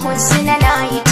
Horse in the night.